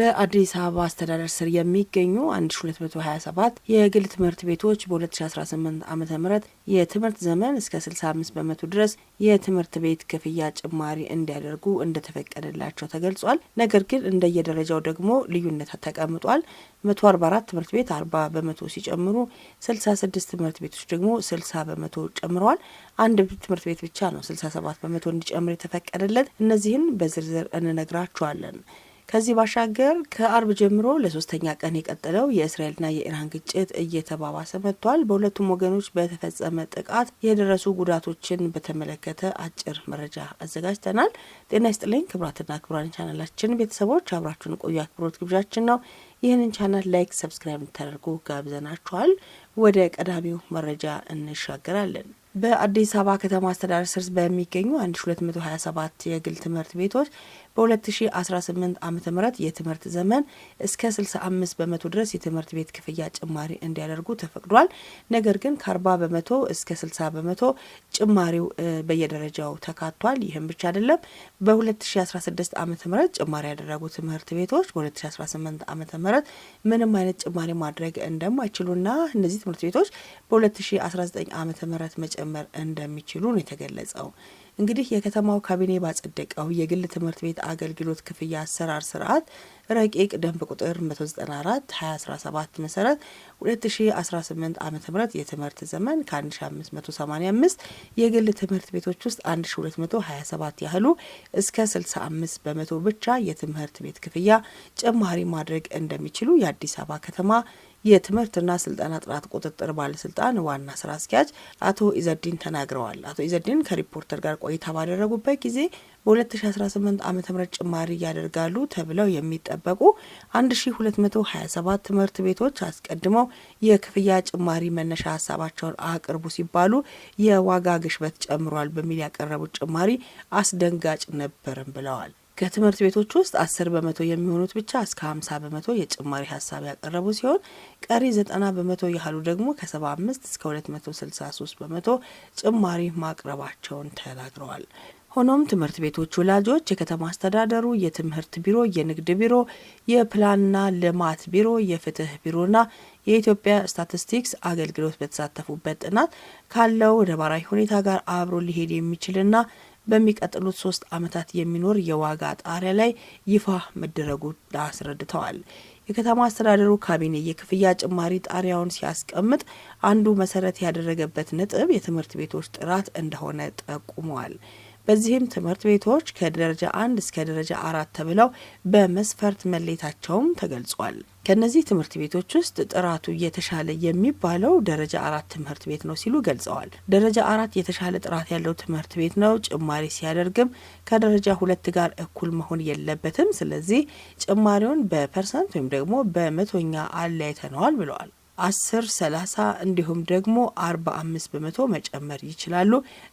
በአዲስ አበባ አስተዳደር ስር የሚገኙ 1227 የግል ትምህርት ቤቶች በ2018 ዓ ም የትምህርት ዘመን እስከ 65 በመቶ ድረስ የትምህርት ቤት ክፍያ ጭማሪ እንዲያደርጉ እንደተፈቀደላቸው ተገልጿል። ነገር ግን እንደየደረጃው ደግሞ ልዩነት ተቀምጧል። 144 ትምህርት ቤት 40 በመቶ ሲጨምሩ 66 ትምህርት ቤቶች ደግሞ 60 በመቶ ጨምረዋል። አንድ ትምህርት ቤት ብቻ ነው 67 በመቶ እንዲጨምር የተፈቀደለት። እነዚህን በዝርዝር እንነግራችኋለን። ከዚህ ባሻገር ከአርብ ጀምሮ ለሶስተኛ ቀን የቀጠለው የእስራኤልና የኢራን ግጭት እየተባባሰ መጥቷል። በሁለቱም ወገኖች በተፈጸመ ጥቃት የደረሱ ጉዳቶችን በተመለከተ አጭር መረጃ አዘጋጅተናል። ጤና ይስጥልኝ ክብራትና ክብራን ቻናላችን ቤተሰቦች አብራችሁን ቆዩ አክብሮት ግብዣችን ነው። ይህንን ቻናል ላይክ፣ ሰብስክራይብ እንድታደርጉ ጋብዘናችኋል። ወደ ቀዳሚው መረጃ እንሻገራለን። በአዲስ አበባ ከተማ አስተዳደር ስር በሚገኙ 1227 የግል ትምህርት ቤቶች በ2018 ዓ ም የትምህርት ዘመን እስከ 65 በመቶ ድረስ የትምህርት ቤት ክፍያ ጭማሪ እንዲያደርጉ ተፈቅዷል። ነገር ግን ከ40 በመቶ እስከ 60 በመቶ ጭማሪው በየደረጃው ተካቷል። ይህም ብቻ አይደለም። በ2016 ዓ ም ጭማሪ ያደረጉ ትምህርት ቤቶች በ2018 ዓ ም ምንም አይነት ጭማሪ ማድረግ እንደማይችሉና እነዚህ ትምህርት ቤቶች በ2019 ዓ ም መጨመር እንደሚችሉ ነው የተገለጸው። እንግዲህ የከተማው ካቢኔ ባጸደቀው የግል ትምህርት ቤት አገልግሎት ክፍያ አሰራር ስርዓት ረቂቅ ደንብ ቁጥር 194 2017 መሰረት 2018 ዓ ም የትምህርት ዘመን ከ1585 የግል ትምህርት ቤቶች ውስጥ 1227 ያህሉ እስከ 65 በመቶ ብቻ የትምህርት ቤት ክፍያ ጭማሪ ማድረግ እንደሚችሉ የአዲስ አበባ ከተማ የትምህርትና ስልጠና ጥራት ቁጥጥር ባለስልጣን ዋና ስራ አስኪያጅ አቶ ኢዘዲን ተናግረዋል። አቶ ኢዘዲን ከሪፖርተር ጋር ቆይታ ባደረጉበት ጊዜ በ2018 ዓ ም ጭማሪ ያደርጋሉ ተብለው የሚጠበቁ 1227 ትምህርት ቤቶች አስቀድመው የክፍያ ጭማሪ መነሻ ሀሳባቸውን አቅርቡ ሲባሉ የዋጋ ግሽበት ጨምሯል በሚል ያቀረቡት ጭማሪ አስደንጋጭ ነበርም ብለዋል። ከትምህርት ቤቶች ውስጥ አስር በመቶ የሚሆኑት ብቻ እስከ ሀምሳ በመቶ የጭማሪ ሀሳብ ያቀረቡ ሲሆን ቀሪ ዘጠና በመቶ ያህሉ ደግሞ ከሰባ አምስት እስከ ሁለት መቶ ስልሳ ሶስት በመቶ ጭማሪ ማቅረባቸውን ተናግረዋል። ሆኖም ትምህርት ቤቶች፣ ወላጆች፣ የከተማ አስተዳደሩ፣ የትምህርት ቢሮ፣ የንግድ ቢሮ፣ የፕላንና ልማት ቢሮ፣ የፍትህ ቢሮና የኢትዮጵያ ስታቲስቲክስ አገልግሎት በተሳተፉበት ጥናት ካለው ነባራዊ ሁኔታ ጋር አብሮ ሊሄድ የሚችልና በሚቀጥሉት ሶስት ዓመታት የሚኖር የዋጋ ጣሪያ ላይ ይፋ መደረጉ አስረድተዋል። የከተማ አስተዳደሩ ካቢኔ የክፍያ ጭማሪ ጣሪያውን ሲያስቀምጥ አንዱ መሰረት ያደረገበት ነጥብ የትምህርት ቤቶች ጥራት እንደሆነ ጠቁመዋል። በዚህም ትምህርት ቤቶች ከደረጃ አንድ እስከ ደረጃ አራት ተብለው በመስፈርት መለየታቸውም ተገልጿል። ከነዚህ ትምህርት ቤቶች ውስጥ ጥራቱ የተሻለ የሚባለው ደረጃ አራት ትምህርት ቤት ነው ሲሉ ገልጸዋል። ደረጃ አራት የተሻለ ጥራት ያለው ትምህርት ቤት ነው። ጭማሪ ሲያደርግም ከደረጃ ሁለት ጋር እኩል መሆን የለበትም። ስለዚህ ጭማሪውን በፐርሰንት ወይም ደግሞ በመቶኛ አለያይተነዋል ብለዋል። አስር ሰላሳ እንዲሁም ደግሞ አርባ አምስት በመቶ መጨመር ይችላሉ።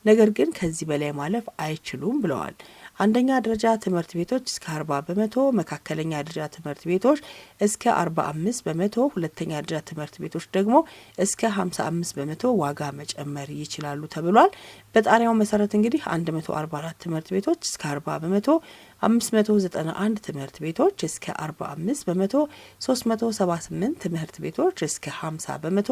ነገር ግን ከዚህ በላይ ማለፍ አይችሉም ብለዋል። አንደኛ ደረጃ ትምህርት ቤቶች እስከ 40 በመቶ፣ መካከለኛ ደረጃ ትምህርት ቤቶች እስከ 45 በመቶ፣ ሁለተኛ ደረጃ ትምህርት ቤቶች ደግሞ እስከ 55 በመቶ ዋጋ መጨመር ይችላሉ ተብሏል። በጣሪያው መሰረት እንግዲህ 144 ትምህርት ቤቶች እስከ 40 በመቶ፣ 591 ትምህርት ቤቶች እስከ 45 በመቶ፣ 378 ትምህርት ቤቶች እስከ 50 በመቶ፣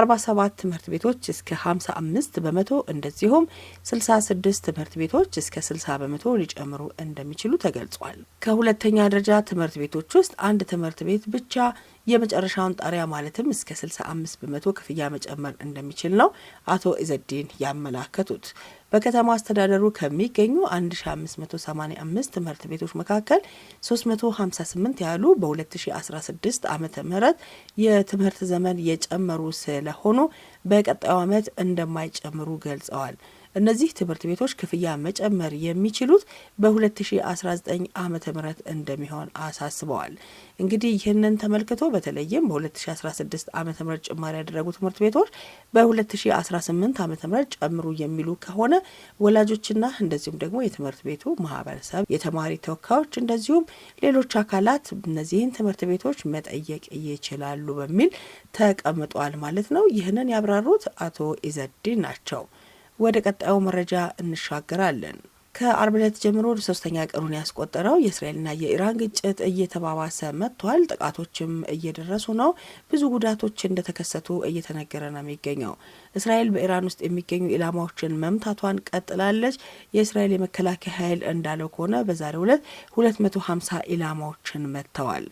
47 ትምህርት ቤቶች እስከ 55 በመቶ እንደዚሁም 66 ትምህርት ቤቶች እስከ 60 በመቶ ሊጨምሩ እንደሚችሉ ተገልጿል። ከሁለተኛ ደረጃ ትምህርት ቤቶች ውስጥ አንድ ትምህርት ቤት ብቻ የመጨረሻውን ጣሪያ ማለትም እስከ 65 በመቶ ክፍያ መጨመር እንደሚችል ነው አቶ ኢዘዲን ያመላከቱት። በከተማ አስተዳደሩ ከሚገኙ 1585 ትምህርት ቤቶች መካከል 358 ያሉ በ2016 ዓ ም የትምህርት ዘመን የጨመሩ ስለሆኑ በቀጣዩ ዓመት እንደማይጨምሩ ገልጸዋል። እነዚህ ትምህርት ቤቶች ክፍያ መጨመር የሚችሉት በ2019 ዓ ም እንደሚሆን አሳስበዋል። እንግዲህ ይህንን ተመልክቶ በተለይም በ2016 ዓ ም ጭማሪ ያደረጉ ትምህርት ቤቶች በ2018 ዓ ም ጨምሩ የሚሉ ከሆነ ወላጆችና እንደዚሁም ደግሞ የትምህርት ቤቱ ማህበረሰብ፣ የተማሪ ተወካዮች እንደዚሁም ሌሎች አካላት እነዚህን ትምህርት ቤቶች መጠየቅ ይችላሉ በሚል ተቀምጧል ማለት ነው። ይህንን ያብራሩት አቶ ኢዘዲ ናቸው። ወደ ቀጣዩ መረጃ እንሻገራለን። ከአርብ ዕለት ጀምሮ ወደ ሶስተኛ ቀኑን ያስቆጠረው የእስራኤልና የኢራን ግጭት እየተባባሰ መጥቷል። ጥቃቶችም እየደረሱ ነው። ብዙ ጉዳቶች እንደተከሰቱ እየተነገረ ነው የሚገኘው። እስራኤል በኢራን ውስጥ የሚገኙ ኢላማዎችን መምታቷን ቀጥላለች። የእስራኤል የመከላከያ ኃይል እንዳለው ከሆነ በዛሬው ዕለት ሀምሳ ኢላማዎችን መጥተዋል።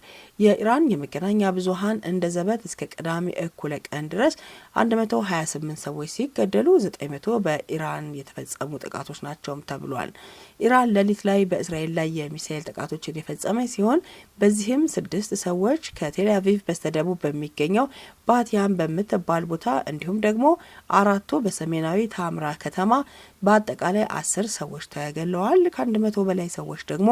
የኢራን የመገናኛ ብዙሃን እንደ ዘበት እስከ ቅዳሜ እኩለ ቀን ድረስ 128 ሰዎች ሲገደሉ 900 በኢራን የተፈጸሙ ጥቃቶች ናቸውም ተብሏል። ኢራን ሌሊት ላይ በእስራኤል ላይ የሚሳኤል ጥቃቶችን የፈጸመ ሲሆን በዚህም ስድስት ሰዎች ከቴል በስተደቡብ በሚገኘው ባቲያን በምትባል ቦታ እንዲሁም ደግሞ አራቱ በሰሜናዊ ታምራ ከተማ በአጠቃላይ አስር ሰዎች ተገለዋል። ከአንድ መቶ በላይ ሰዎች ደግሞ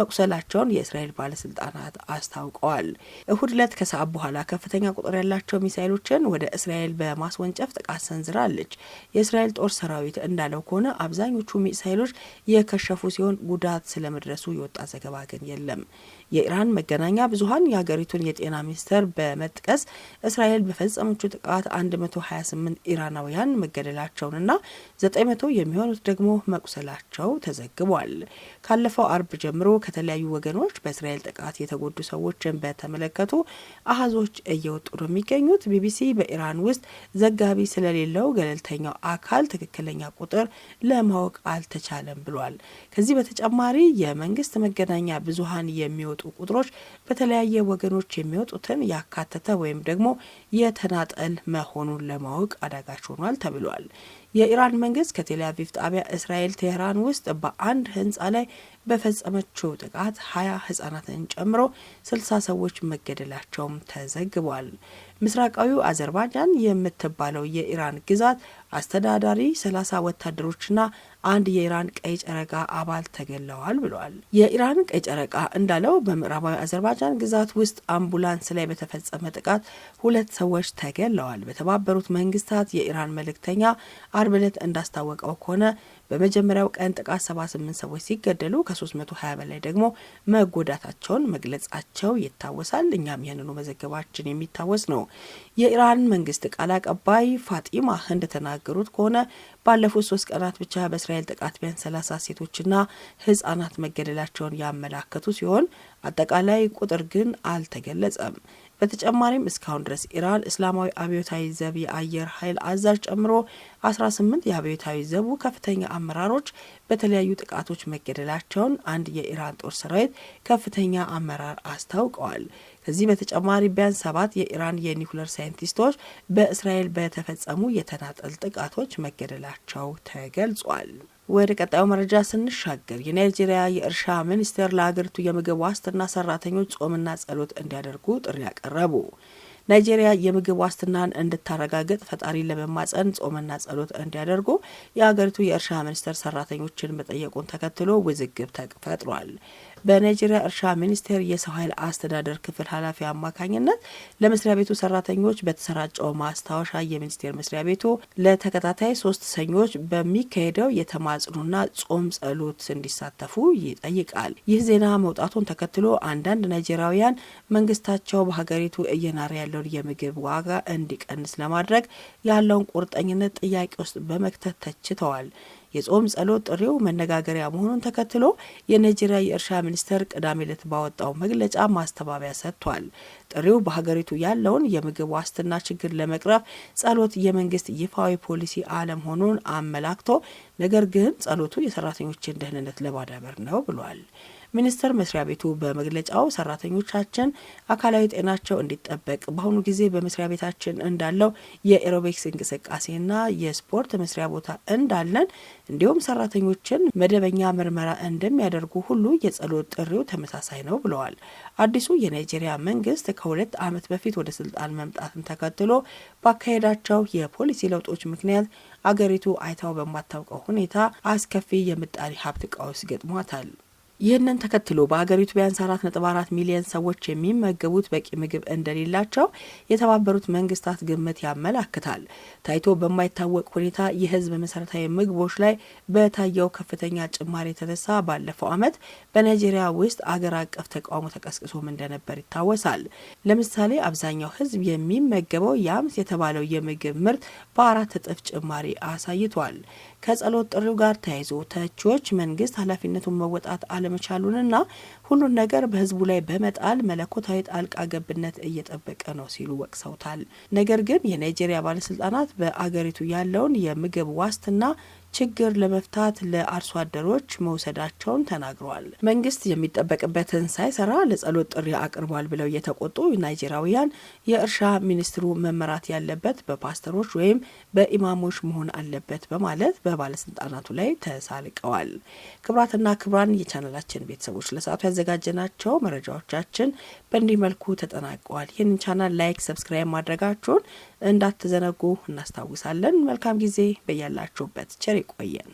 መቁሰላቸውን የእስራኤል ባለስልጣናት አስታውቀዋል። እሁድ ዕለት ከሰዓት በኋላ ከፍተኛ ቁጥር ያላቸው ሚሳይሎችን ወደ እስራኤል በማስወንጨፍ ጥቃት ሰንዝራለች። የእስራኤል ጦር ሰራዊት እንዳለው ከሆነ አብዛኞቹ ሚሳይሎች የከሸፉ ሲሆን ጉዳት ስለመድረሱ የወጣ ዘገባ ግን የለም። የኢራን መገናኛ ብዙሀን የሀገሪቱን የጤና ሚኒስቴር በመጥቀስ እስራኤል በፈጸመችው ጥቃት 128 ኢራናውያን መገደላቸውንና 900 የሚሆኑት ደግሞ መቁሰላቸው ተዘግቧል። ካለፈው አርብ ጀምሮ ከተለያዩ ወገኖች በእስራኤል ጥቃት የተጎዱ ሰዎችን በተመለከቱ አሀዞች እየወጡ ነው የሚገኙት። ቢቢሲ በኢራን ውስጥ ዘጋቢ ስለሌለው ገለልተኛው አካል ትክክለኛ ቁጥር ለማወቅ አልተቻለም ብሏል። ከዚህ በተጨማሪ የመንግስት መገናኛ ብዙሃን የሚወጡ ቁጥሮች በተለያየ ወገኖች የሚወጡትን ያካተተ ወይም ደግሞ የተናጠል መሆኑን ለማወቅ አዳጋች ሆኗል ተብሏል። የኢራን መንግስት ከቴልአቪቭ ጣቢያ እስራኤል ቴህራን ውስጥ በአንድ ህንፃ ላይ በፈጸመችው ጥቃት ሀያ ህጻናትን ጨምሮ ስልሳ ሰዎች መገደላቸውም ተዘግቧል። ምስራቃዊው አዘርባጃን የምትባለው የኢራን ግዛት አስተዳዳሪ ሰላሳ ወታደሮችና አንድ የኢራን ቀይ ጨረቃ አባል ተገለዋል ብለዋል። የኢራን ቀይ ጨረቃ እንዳለው በምዕራባዊ አዘርባጃን ግዛት ውስጥ አምቡላንስ ላይ በተፈጸመ ጥቃት ሁለት ሰዎች ተገለዋል። በተባበሩት መንግስታት የኢራን መልእክተኛ አርብ ዕለት እንዳስታወቀው ከሆነ በመጀመሪያው ቀን ጥቃት 78 ሰዎች ሲገደሉ ከ320 በላይ ደግሞ መጎዳታቸውን መግለጻቸው ይታወሳል። እኛም ይህንኑ መዘገባችን የሚታወስ ነው። የኢራን መንግስት ቃል አቀባይ ፋጢማ እንደተናገሩት ከሆነ ባለፉት ሶስት ቀናት ብቻ በእስራኤል ጥቃት ቢያንስ ሰላሳ ሴቶችና ህጻናት መገደላቸውን ያመላከቱ ሲሆን አጠቃላይ ቁጥር ግን አልተገለጸም። በተጨማሪም እስካሁን ድረስ ኢራን እስላማዊ አብዮታዊ ዘብ የአየር ኃይል አዛዥ ጨምሮ 18 የአብዮታዊ ዘቡ ከፍተኛ አመራሮች በተለያዩ ጥቃቶች መገደላቸውን አንድ የኢራን ጦር ሰራዊት ከፍተኛ አመራር አስታውቀዋል። ከዚህ በተጨማሪ ቢያንስ ሰባት የኢራን የኒውክለር ሳይንቲስቶች በእስራኤል በተፈጸሙ የተናጠል ጥቃቶች መገደላቸው ተገልጿል። ወደ ቀጣዩ መረጃ ስንሻገር የናይጄሪያ የእርሻ ሚኒስቴር ለሀገሪቱ የምግብ ዋስትና ሰራተኞች ጾምና ጸሎት እንዲያደርጉ ጥሪ ያቀረቡ። ናይጄሪያ የምግብ ዋስትናን እንድታረጋግጥ ፈጣሪ ለመማጸን ጾምና ጸሎት እንዲያደርጉ የሀገሪቱ የእርሻ ሚኒስቴር ሰራተኞችን መጠየቁን ተከትሎ ውዝግብ ተፈጥሯል። በናይጄሪያ እርሻ ሚኒስቴር የሰው ኃይል አስተዳደር ክፍል ኃላፊ አማካኝነት ለመስሪያ ቤቱ ሰራተኞች በተሰራጨው ማስታወሻ የሚኒስቴር መስሪያ ቤቱ ለተከታታይ ሶስት ሰኞች በሚካሄደው የተማጽኑና ጾም ጸሎት እንዲሳተፉ ይጠይቃል። ይህ ዜና መውጣቱን ተከትሎ አንዳንድ ናይጄሪያውያን መንግስታቸው በሀገሪቱ እየናረ ያለውን የምግብ ዋጋ እንዲቀንስ ለማድረግ ያለውን ቁርጠኝነት ጥያቄ ውስጥ በመክተት ተችተዋል። የጾም ጸሎት ጥሪው መነጋገሪያ መሆኑን ተከትሎ የናይጄሪያ የእርሻ ሚኒስቴር ቅዳሜ ዕለት ባወጣው መግለጫ ማስተባበያ ሰጥቷል። ጥሪው በሀገሪቱ ያለውን የምግብ ዋስትና ችግር ለመቅረፍ ጸሎት የመንግስት ይፋዊ ፖሊሲ አለመሆኑን አመላክቶ ነገር ግን ጸሎቱ የሰራተኞችን ደህንነት ለማዳበር ነው ብሏል። ሚኒስቴር መስሪያ ቤቱ በመግለጫው ሰራተኞቻችን አካላዊ ጤናቸው እንዲጠበቅ በአሁኑ ጊዜ በመስሪያ ቤታችን እንዳለው የኤሮቢክስ እንቅስቃሴና የስፖርት መስሪያ ቦታ እንዳለን እንዲሁም ሰራተኞችን መደበኛ ምርመራ እንደሚያደርጉ ሁሉ የጸሎት ጥሪው ተመሳሳይ ነው ብለዋል። አዲሱ የናይጄሪያ መንግስት ከሁለት ዓመት በፊት ወደ ስልጣን መምጣትን ተከትሎ ባካሄዳቸው የፖሊሲ ለውጦች ምክንያት አገሪቱ አይታው በማታውቀው ሁኔታ አስከፊ የምጣኔ ሀብት ቀውስ ገጥሟታል። ይህንን ተከትሎ በሀገሪቱ ቢያንስ አራት ነጥብ አራት ሚሊየን ሰዎች የሚመገቡት በቂ ምግብ እንደሌላቸው የተባበሩት መንግስታት ግምት ያመላክታል። ታይቶ በማይታወቅ ሁኔታ የህዝብ መሰረታዊ ምግቦች ላይ በታየው ከፍተኛ ጭማሪ የተነሳ ባለፈው ዓመት በናይጄሪያ ውስጥ አገር አቀፍ ተቃውሞ ተቀስቅሶም እንደነበር ይታወሳል። ለምሳሌ አብዛኛው ህዝብ የሚመገበው የአምስ የተባለው የምግብ ምርት በአራት እጥፍ ጭማሪ አሳይቷል። ከጸሎት ጥሪው ጋር ተያይዞ ተቺዎች መንግስት ኃላፊነቱን መወጣት አለመቻሉንና ሁሉን ነገር በህዝቡ ላይ በመጣል መለኮታዊ ጣልቃ ገብነት እየጠበቀ ነው ሲሉ ወቅሰውታል። ነገር ግን የናይጄሪያ ባለስልጣናት በአገሪቱ ያለውን የምግብ ዋስትና ችግር ለመፍታት ለአርሶ አደሮች መውሰዳቸውን ተናግረዋል። መንግስት የሚጠበቅበትን ሳይሰራ ለጸሎት ጥሪ አቅርቧል ብለው የተቆጡ ናይጄሪያውያን የእርሻ ሚኒስትሩ መመራት ያለበት በፓስተሮች ወይም በኢማሞች መሆን አለበት በማለት በባለስልጣናቱ ላይ ተሳልቀዋል። ክብራትና ክብራን የቻናላችን ቤተሰቦች ለሰዓቱ ያዘጋጀናቸው መረጃዎቻችን በእንዲህ መልኩ ተጠናቀዋል። ይህንን ቻናል ላይክ፣ ሰብስክራይብ ማድረጋችሁን እንዳትዘነጉ እናስታውሳለን። መልካም ጊዜ በያላችሁበት ቸር ይቆየን።